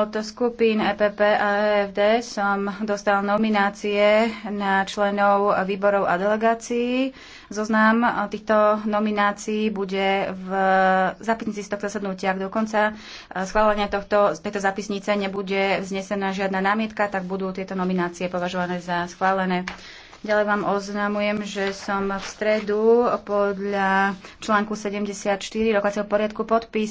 od skupín EPP a EFD som dostal nominácie na členov výborov a delegácií. Zoznam týchto nominácií bude v zapisnici z tohto sednutia. Ak dokonca e, schválenia tohto, tejto zápisnice nebude vznesená žiadna námietka, tak budú tieto nominácie považované za schválené. Ďalej vám oznamujem, že som v stredu podľa článku 74 rokovacieho poriadku podpísal